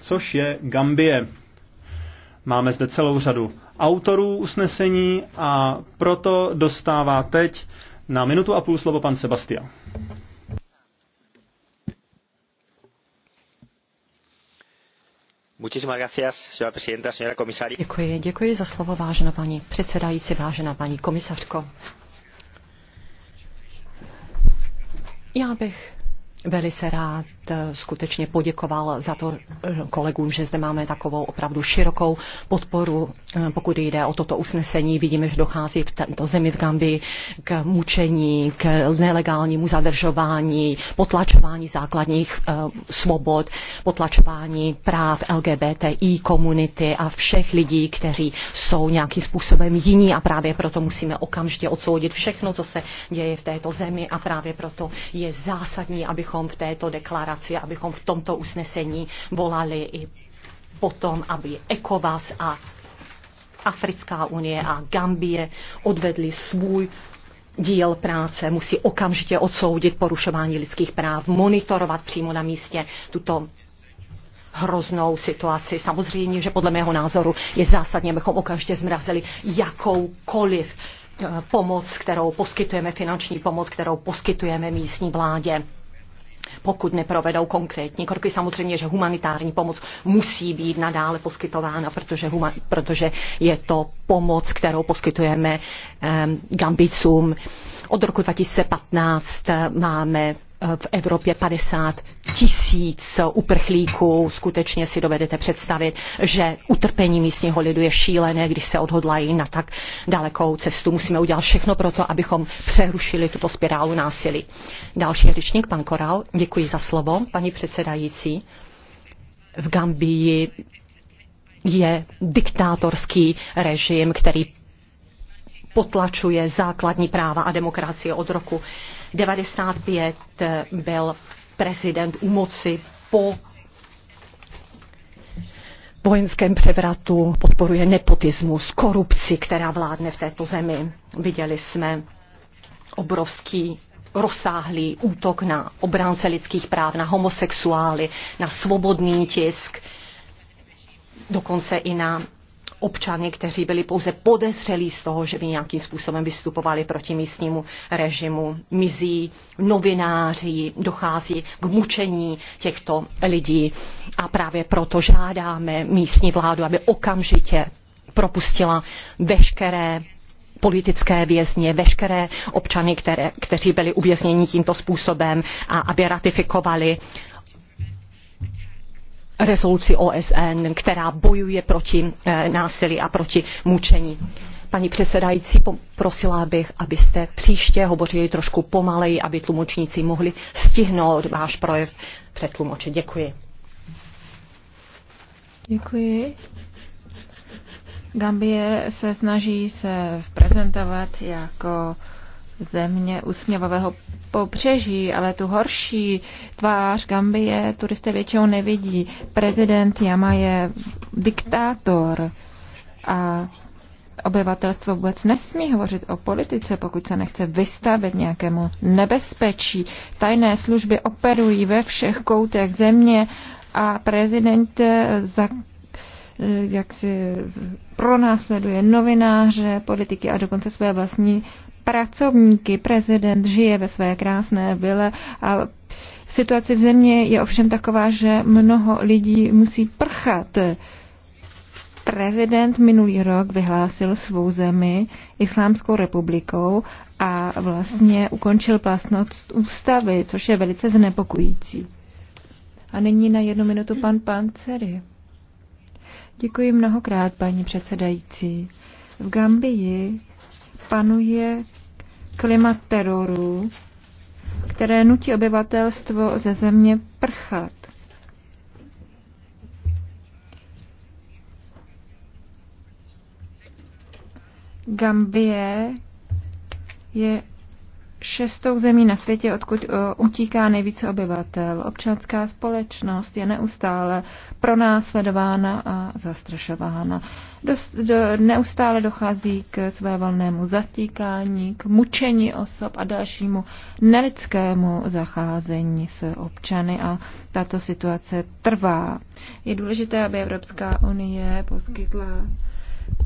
což je Gambie. Máme zde celou řadu autorů usnesení a proto dostává teď na minutu a půl slovo pan Sebastian. Děkuji, děkuji za slovo, vážená paní předsedající, vážená paní komisařko. Já bych velice rád Eh, skutečně poděkoval za to eh, kolegům, že zde máme takovou opravdu širokou podporu, eh, pokud jde o toto usnesení. Vidíme, že dochází v této zemi v Gambii k mučení, k nelegálnímu zadržování, potlačování základních svobod, potlačování práv LGBTI komunity a všech lidí, kteří jsou nějakým způsobem jiní a právě proto musíme okamžitě odsoudit všechno, co se děje v této zemi a právě proto je zásadní, abychom v této deklaraci spolupráci, abychom v tomto usnesení volali i potom, aby ECOWAS a Africká unie a Gambie odvedli svůj díl práce, musí okamžitě odsoudit porušování lidských práv, monitorovat přímo na místě tuto hroznou situaci. Samozřejmě, že podle mého názoru je zásadně, abychom okamžitě zmrazili jakoukoliv eh, pomoc, kterou poskytujeme, finanční pomoc, kterou poskytujeme místní vládě pokud neprovedou konkrétní kroky. Samozřejmě, že humanitární pomoc musí být nadále poskytována, protože, huma, protože je to pomoc, kterou poskytujeme um, Gambicům. Od roku 2015 eh, máme Eh, v Evropě 50 tisíc uprchlíků. Skutečně si dovedete představit, že utrpení místního lidu je šílené, když se odhodlají na tak dalekou cestu. Musíme udělat všechno pro to, abychom přerušili tuto spirálu násilí. Další řečník, pan Koral, děkuji za slovo, paní předsedající. V Gambii je diktátorský režim, který potlačuje základní práva a demokracie od roku 95 byl prezident u moci po vojenském převratu, podporuje nepotismus, korupci, která vládne v této zemi. Viděli jsme obrovský rozsáhlý útok na obránce lidských práv, na homosexuály, na svobodný tisk, dokonce i na občany, kteří byli pouze podezřelí z toho, že by nějakým způsobem vystupovali proti místnímu režimu. Mizí novináři, dochází k mučení těchto lidí a právě proto žádáme místní vládu, aby okamžitě propustila veškeré politické vězně, veškeré občany, které, kteří byli uvězněni tímto způsobem a aby ratifikovali rezoluci OSN, která bojuje proti eh, násilí a proti mučení. Paní předsedající, prosila bych, abyste příště hovořili trošku pomaleji, aby tlumočníci mohli stihnout váš projev před tlumoči. Děkuji. Děkuji. Gambie se snaží se prezentovat jako země usměvavého pobřeží, ale tu horší tvář Gambie turisté většinou nevidí. Prezident Jama je diktátor a obyvatelstvo vůbec nesmí hovořit o politice, pokud se nechce vystavit nějakému nebezpečí. Tajné služby operují ve všech koutech země a prezident za jak si pronásleduje novináře, politiky a dokonce své vlastní pracovníky. Prezident žije ve své krásné vile a situace v země je ovšem taková, že mnoho lidí musí prchat. Prezident minulý rok vyhlásil svou zemi Islámskou republikou a vlastně ukončil plastnost ústavy, což je velice znepokojící. A nyní na jednu minutu pan Panceri. Děkuji mnohokrát, paní předsedající. V Gambii panuje klima teroru, které nutí obyvatelstvo ze země prchat. Gambie je šestou zemí na světě, odkud eh, utíká nejvíce obyvatel. Občanská společnost je neustále pronásledována a zastrašována. Dost, do, neustále dochází k své volnému zatíkání, k mučení osob a dalšímu nelidskému zacházení s občany a tato situace trvá. Je důležité, aby Evropská unie poskytla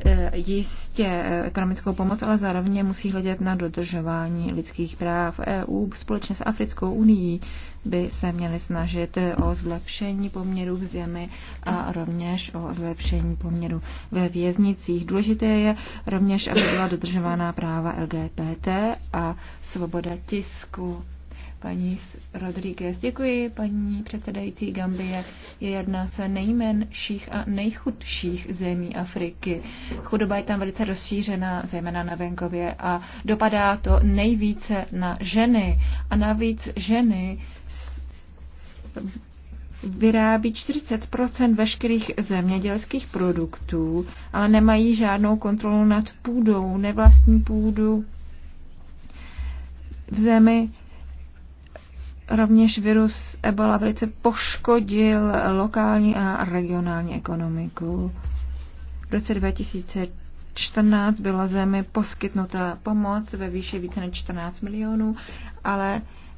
Eh, jistě eh, ekonomickou pomoc, ale zároveň musí hledět na dodržování lidských práv. EU společně s Africkou unii by se měly snažit eh, o zlepšení poměrů v zemi a rovněž o zlepšení poměrů ve věznicích. Důležité je rovněž, aby byla dodržována práva LGBT a svoboda tisku paní Rodríguez. Děkuji, paní předsedající Gambie je jedna z nejmenších a nejchudších zemí Afriky. Chudoba je tam velice rozšířená, zejména na venkově, a dopadá to nejvíce na ženy. A navíc ženy vyrábí 40 veškerých zemědělských produktů, ale nemají žádnou kontrolu nad půdou, nevlastní půdu v zemi Rovněž virus Ebola velice poškodil lokální a regionální ekonomiku. V roce 2014 byla zemi poskytnuta pomoc ve výši více než 14 milionů, ale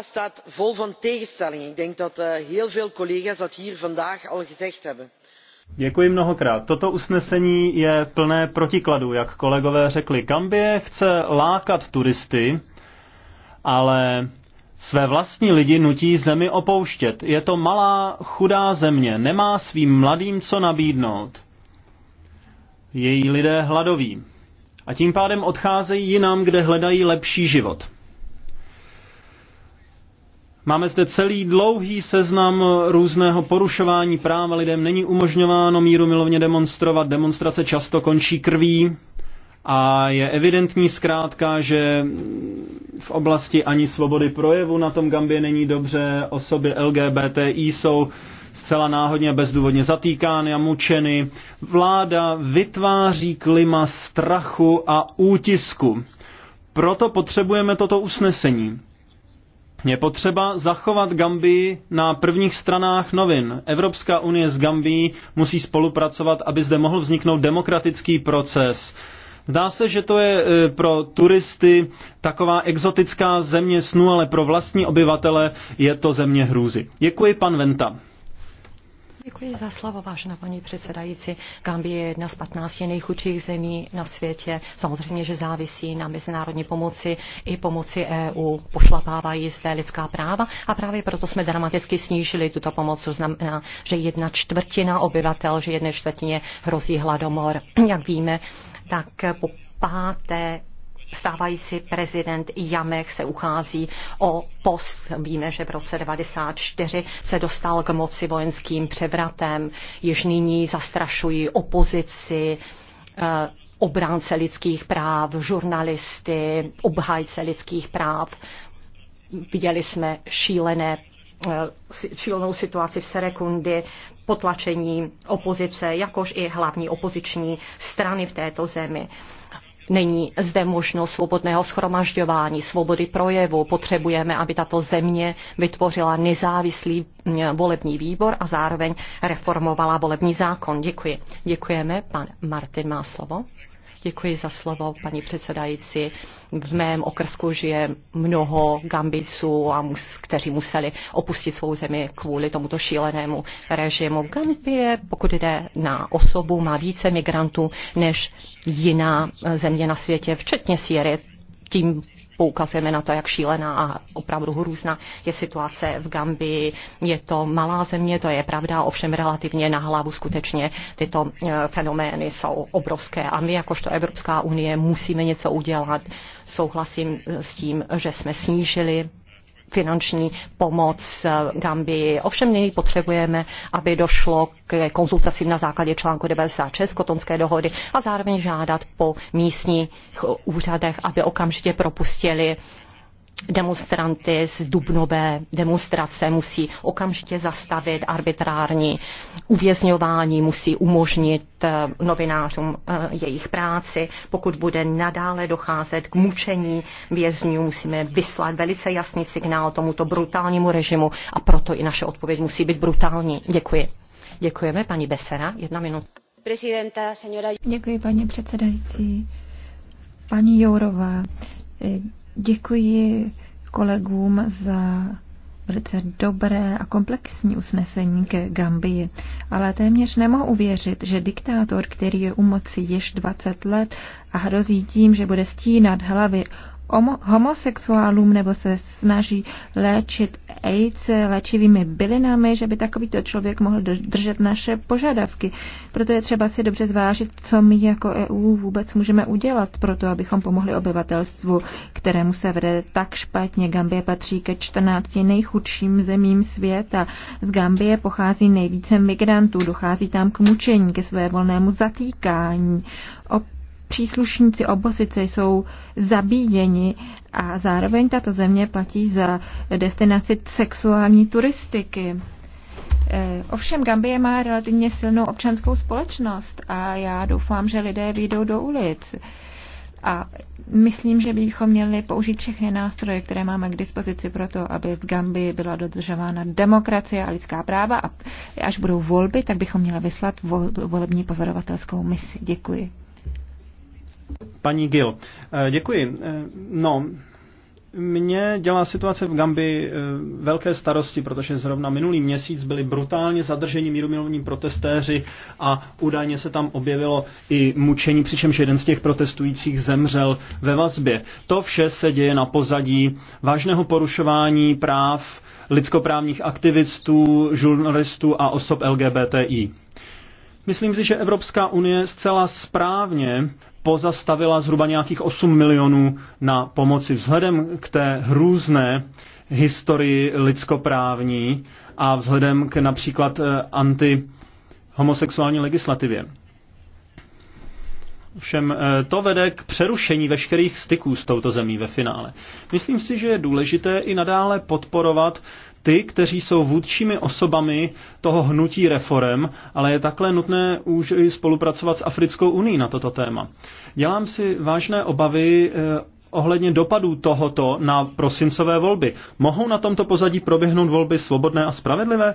staat vol van tegenstellingen. ik denk dat eh, heel veel collega's dat hier vandaag al gezegd hebben. Děkuji mnohokrát. Toto usnesení je plné protikladů, jak kolegové řekli. Kambie chce lákat turisty, ale své vlastní lidi nutí zemi opouštět. Je to malá, chudá země, nemá svým mladým co nabídnout. Její lidé hladoví. A tím pádem odcházejí jinam, kde hledají lepší život. Máme zde celý dlouhý seznam různého porušování práva lidem. Není umožňováno míru milovně demonstrovat. Demonstrace často končí krví. A je evidentní zkrátka, že v oblasti ani svobody projevu na tom Gambě není dobře. Osoby LGBTI jsou zcela náhodně bezdůvodně zatýkány a mučeny. Vláda vytváří klima strachu a útisku. Proto potřebujeme toto usnesení. Je potřeba zachovat Gambii na prvních stranách novin. Evropská unie s Gambií musí spolupracovat, aby zde mohl vzniknout demokratický proces. Zdá se, že to je e, pro turisty taková exotická země snu, ale pro vlastní obyvatele je to země hrůzy. Děkuji, pan Venta. Děkuji za slovo, vážená paní předsedající. Gambie je jedna z 15 nejchudších zemí na světě. Samozřejmě, že závisí na mezinárodní pomoci i pomoci EU. Pošlapávají zde lidská práva a právě proto jsme dramaticky snížili tuto pomoc, co znamená, že jedna čtvrtina obyvatel, že jedné čtvrtině hrozí hladomor. Jak víme, tak po páté stávající prezident Jamech se uchází o post. Víme, že v roce 1994 se dostal k moci vojenským převratem, již nyní zastrašují opozici, eh, obránce lidských práv, žurnalisty, obhájce lidských práv. Viděli jsme šílené eh, šílenou situaci v Serekundy, potlačení opozice, jakož i hlavní opoziční strany v této zemi. Není zde možnost svobodného schromažďování, svobody projevu. Potřebujeme, aby tato země vytvořila nezávislý mm, volební výbor a zároveň reformovala volební zákon. Děkuji. Děkujeme. Pan Martin má slovo. Děkuji za slovo, paní předsedající. V mém okrsku žije mnoho Gambiců, a mus, kteří museli opustit svou zemi kvůli tomuto šílenému režimu. Gambie, pokud jde na osobu, má více migrantů než jiná země na světě, včetně Sýrie. Tím poukazujeme na to, jak šílená a opravdu hrůzná je situace v Gambii. Je to malá země, to je pravda, ovšem relativně na hlavu skutečně tyto eh, fenomény jsou obrovské a my jakožto Evropská unie musíme něco udělat. Souhlasím s tím, že jsme snížili finanční pomoc Gambii. Ovšem nyní potřebujeme, aby došlo k konzultacím na základě článku 96 Kotonské dohody a zároveň žádat po místních úřadech, aby okamžitě propustili demonstranty z dubnové demonstrace musí okamžitě zastavit arbitrární uvězňování, musí umožnit eh, novinářům eh, jejich práci. Pokud bude nadále docházet k mučení vězňů, musíme vyslat velice jasný signál tomuto brutálnímu režimu a proto i naše odpověď musí být brutální. Děkuji. Děkujeme, paní Besera. Jedna minuta. Děkuji, paní předsedající. Paní Jourová, eh, Děkuji kolegům za velice dobré a komplexní usnesení ke Gambii, ale téměř nemohu uvěřit, že diktátor, který je u moci již 20 let a hrozí tím, že bude stínat hlavy homosexuálům nebo se snaží léčit AIDS léčivými bylinami, že by takovýto člověk mohl držet naše požadavky. Proto je třeba si dobře zvážit, co my jako EU vůbec můžeme udělat pro to, abychom pomohli obyvatelstvu, kterému se vede tak špatně. Gambie patří ke 14 nejchudším zemím světa. Z Gambie pochází nejvíce migrantů, dochází tam k mučení, ke své volnému zatýkání příslušníci opozice jsou zabíjeni a zároveň tato země platí za destinaci sexuální turistiky. Eh, ovšem Gambie má relativně silnou občanskou společnost a já doufám, že lidé vyjdou do ulic. A myslím, že bychom měli použít všechny nástroje, které máme k dispozici pro to, aby v Gambii byla dodržována demokracie a lidská práva. A až budou volby, tak bychom měli vyslat volební pozorovatelskou misi. Děkuji. Paní Gil, eh, děkuji. Eh, no, mě dělá situace v Gambi eh, velké starosti, protože zrovna minulý měsíc byli brutálně zadrženi mírumilovní protestéři a údajně se tam objevilo i mučení, přičemž jeden z těch protestujících zemřel ve vazbě. To vše se děje na pozadí vážného porušování práv lidskoprávních aktivistů, žurnalistů a osob LGBTI. Myslím si, že Evropská unie zcela správně pozastavila zhruba nějakých 8 milionů na pomoci vzhledem k té hrůzné historii lidskoprávní a vzhledem k například eh, anti homosexuální legislativě. Všem eh, to vede k přerušení veškerých styků s touto zemí ve finále. Myslím si, že je důležité i nadále podporovat ty, kteří jsou vůdčími osobami toho hnutí reform, ale je takhle nutné už i spolupracovat s Africkou unii na toto téma. Dělám si vážné obavy eh, ohledně dopadů tohoto na prosincové volby. Mohou na tomto pozadí proběhnout volby svobodné a spravedlivé?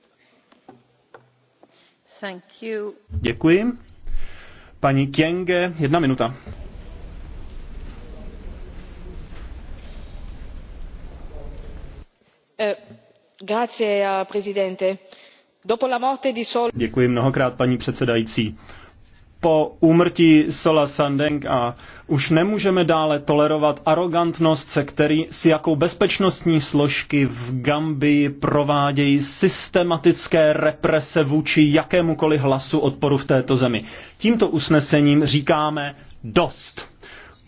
Děkuji. Paní Kienge, jedna minuta. Eh, eh, Děkuji mnohokrát, paní předsedající po úmrtí Sola Sandeng a už nemůžeme dále tolerovat arrogantnost, se který, si jakou bezpečnostní složky v Gambii provádějí systematické represe vůči jakémukoliv hlasu odporu v této zemi. Tímto usnesením říkáme dost.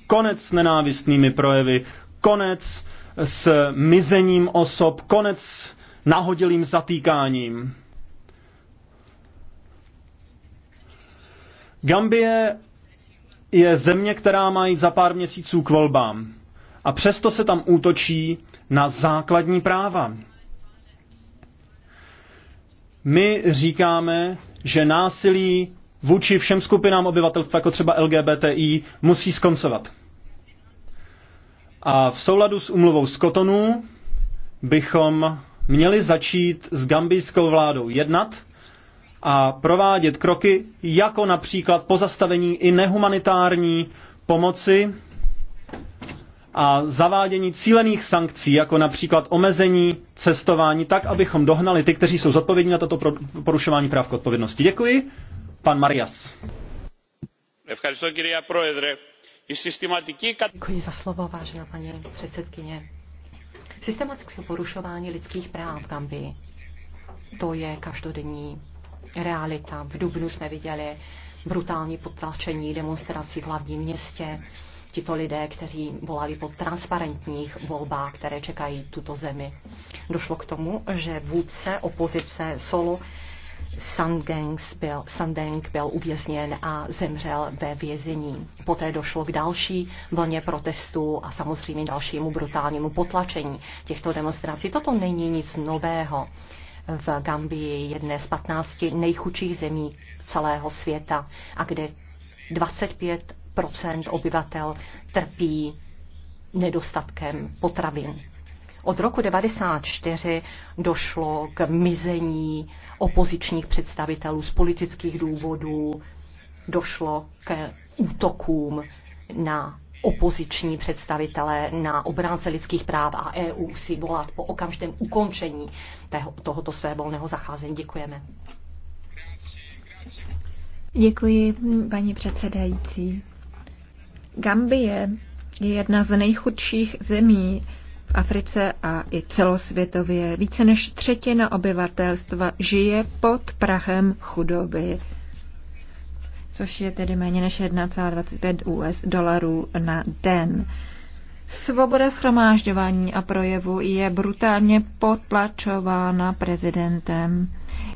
Konec s nenávistnými projevy, konec s mizením osob, konec nahodilým zatýkáním Gambie je země, která má jít za pár měsíců k volbám. A přesto se tam útočí na základní práva. My říkáme, že násilí vůči všem skupinám obyvatelstva, jako třeba LGBTI, musí skoncovat. A v souladu s umluvou z Kotonu bychom měli začít s gambijskou vládou jednat a provádět kroky, jako například pozastavení i nehumanitární pomoci a zavádění cílených sankcí, jako například omezení cestování, tak, abychom dohnali ty, kteří jsou zodpovědní na toto porušování práv k odpovědnosti. Děkuji. Pan Marias. Děkuji za slovo, vážená paní předsedkyně. Systematické porušování lidských práv v Gambii, to je každodenní realita. V Dubnu jsme viděli brutální potlačení demonstrací v hlavním městě. Tito lidé, kteří volali po transparentních volbách, které čekají tuto zemi. Došlo k tomu, že vůdce opozice Solo Sandeng byl, Sandeng byl uvězněn a zemřel ve vězení. Poté došlo k další vlně protestů a samozřejmě dalšímu brutálnímu potlačení těchto demonstrací. Toto není nic nového v Gambii, jedné z 15 nejchudších zemí celého světa a kde 25 obyvatel trpí nedostatkem potravin. Od roku 1994 došlo k mizení opozičních představitelů z politických důvodů, došlo k útokům na opoziční představitelé na obránce lidských práv a EU si volat po okamžitém ukončení tohoto svévolného zacházení. Děkujeme. Děkuji, paní předsedající. Gambie je jedna z nejchudších zemí v Africe a i celosvětově. Více než třetina obyvatelstva žije pod prahem chudoby což je tedy méně než 1,25 US dolarů na den. Svoboda schromážďování a projevu je brutálně potlačována prezidentem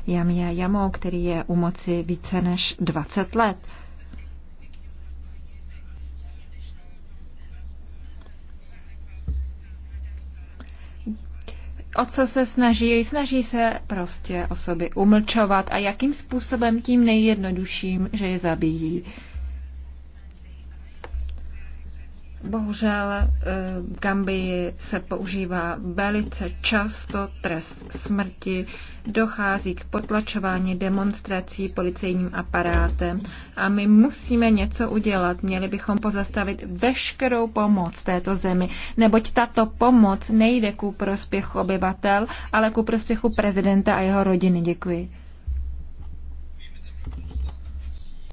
Jamia Jamou, který je u moci více než 20 let. o co se snaží? Snaží se prostě osoby umlčovat a jakým způsobem tím nejjednodušším, že je zabijí. Bohužel eh, v Gambii se používá velice často trest smrti, dochází k potlačování demonstrací policejním aparátem a my musíme něco udělat. Měli bychom pozastavit veškerou pomoc této zemi, neboť tato pomoc nejde ku prospěchu obyvatel, ale ku prospěchu prezidenta a jeho rodiny. Děkuji.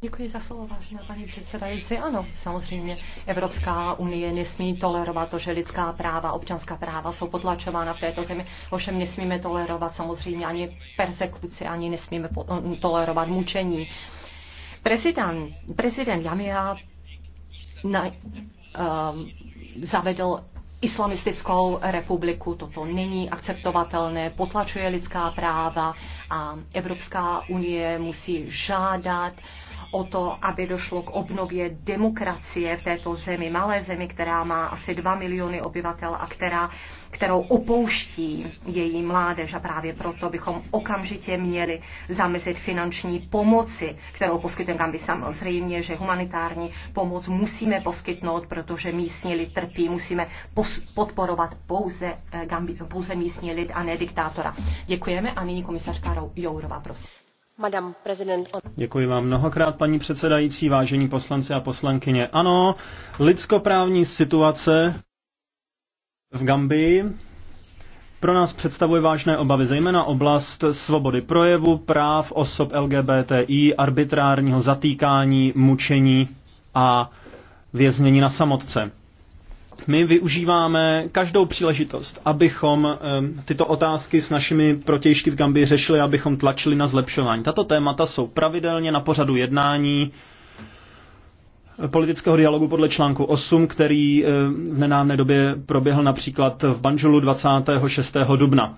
Děkuji za slovo, vážená paní předsedající. Ano, samozřejmě Evropská unie nesmí tolerovat to, že lidská práva, občanská práva jsou potlačována v této zemi. Ovšem nesmíme tolerovat samozřejmě ani persekuci, ani nesmíme tolerovat mučení. Prezident, prezident Jamia na, um, zavedl islamistickou republiku. Toto není akceptovatelné, potlačuje lidská práva a Evropská unie musí žádat uh, o to, aby došlo k obnově demokracie v této zemi, malé zemi, která má asi 2 miliony obyvatel a která, kterou opouští její mládež. A právě proto bychom okamžitě měli zamezit finanční pomoci, kterou poskytujeme Gambi. Samozřejmě, že humanitární pomoc musíme poskytnout, protože místní lid trpí. Musíme podporovat pouze, eh, Gambi, pouze místní lid a ne diktátora. Děkujeme a nyní komisařka Jourova, prosím. Děkuji vám mnohokrát, paní předsedající, vážení poslanci a poslankyně. Ano, lidskoprávní situace v Gambii pro nás představuje vážné obavy, zejména oblast svobody projevu, práv osob LGBTI, arbitrárního zatýkání, mučení a věznění na samotce. My využíváme každou příležitost, abychom eh, tyto otázky s našimi protějšky v Gambii řešili, abychom tlačili na zlepšování. Tato témata jsou pravidelně na pořadu jednání politického dialogu podle článku 8, který eh, v nedávné době proběhl například v Banžulu 26. dubna.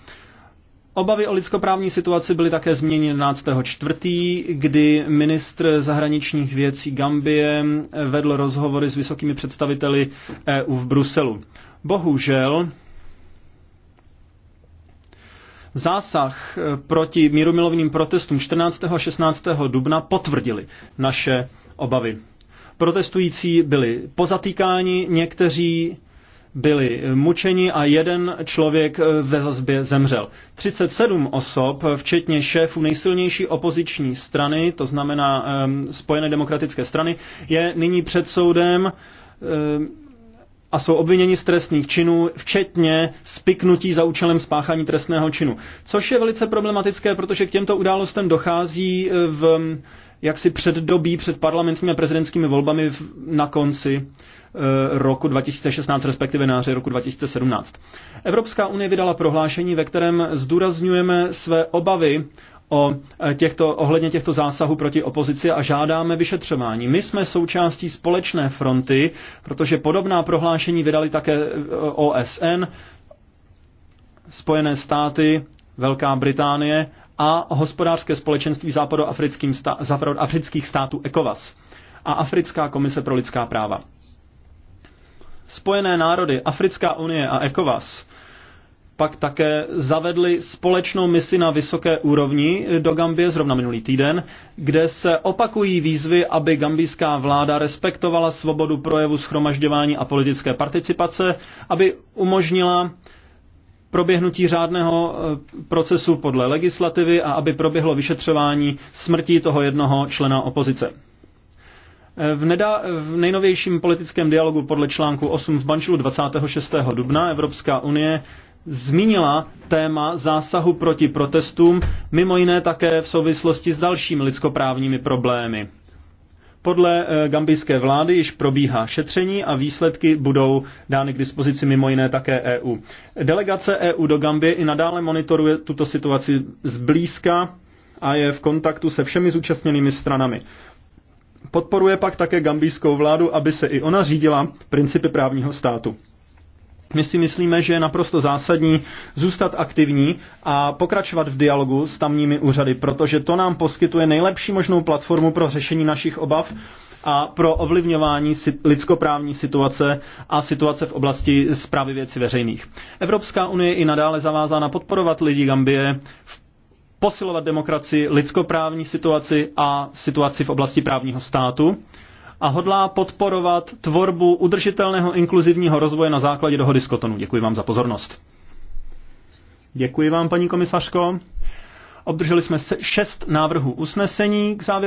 Obavy o lidskoprávní situaci byly také změněny 11. čtvrtý, kdy ministr zahraničních věcí Gambie vedl rozhovory s vysokými představiteli EU v Bruselu. Bohužel zásah proti mírumilovným protestům 14. a 16. dubna potvrdili naše obavy. Protestující byli pozatýkáni, někteří byli mučeni a jeden člověk eh, ve vazbě zemřel. 37 osob, včetně šéfů nejsilnější opoziční strany, to znamená um, Spojené demokratické strany, je nyní před soudem um, a jsou obviněni z trestných činů, včetně spiknutí za účelem spáchání trestného činu. Což je velice problematické, protože k těmto událostem dochází eh, v jak si předdobí před parlamentními a prezidentskými volbami v, na konci eh, roku 2016, respektive na roku 2017. Evropská unie vydala prohlášení, ve kterém zdůrazňujeme své obavy o eh, těchto, ohledně těchto zásahů proti opozici a žádáme vyšetřování. My jsme součástí společné fronty, protože podobná prohlášení vydali také eh, OSN, Spojené státy, Velká Británie a hospodářské společenství západoafrických států ECOWAS a Africká komise pro lidská práva. Spojené národy, Africká unie a ECOWAS pak také zavedli společnou misi na vysoké úrovni do Gambie zrovna minulý týden, kde se opakují výzvy, aby gambijská vláda respektovala svobodu projevu, schromažďování a politické participace, aby umožnila proběhnutí řádného eh, procesu podle legislativy a aby proběhlo vyšetřování smrti toho jednoho člena opozice. Eh, v, nedá, v nejnovějším politickém dialogu podle článku 8 v Banšilu 26. dubna Evropská unie zmínila téma zásahu proti protestům, mimo jiné také v souvislosti s dalšími lidskoprávními problémy. Podle eh, gambijské vlády již probíhá šetření a výsledky budou dány k dispozici mimo jiné také EU. Delegace EU do Gambie i nadále monitoruje tuto situaci zblízka a je v kontaktu se všemi zúčastněnými stranami. Podporuje pak také gambijskou vládu, aby se i ona řídila principy právního státu. My si myslíme, že je naprosto zásadní zůstat aktivní a pokračovat v dialogu s tamními úřady, protože to nám poskytuje nejlepší možnou platformu pro řešení našich obav a pro ovlivňování lidskoprávní situace a situace v oblasti zprávy věcí veřejných. Evropská unie i nadále zavázána podporovat lidi Gambie v posilovat demokracii, lidskoprávní situaci a situaci v oblasti právního státu a hodlá podporovat tvorbu udržitelného inkluzivního rozvoje na základě dohody z Kotonu. Děkuji vám za pozornost. Děkuji vám, paní komisařko. Obdrželi jsme šest návrhů usnesení k závěru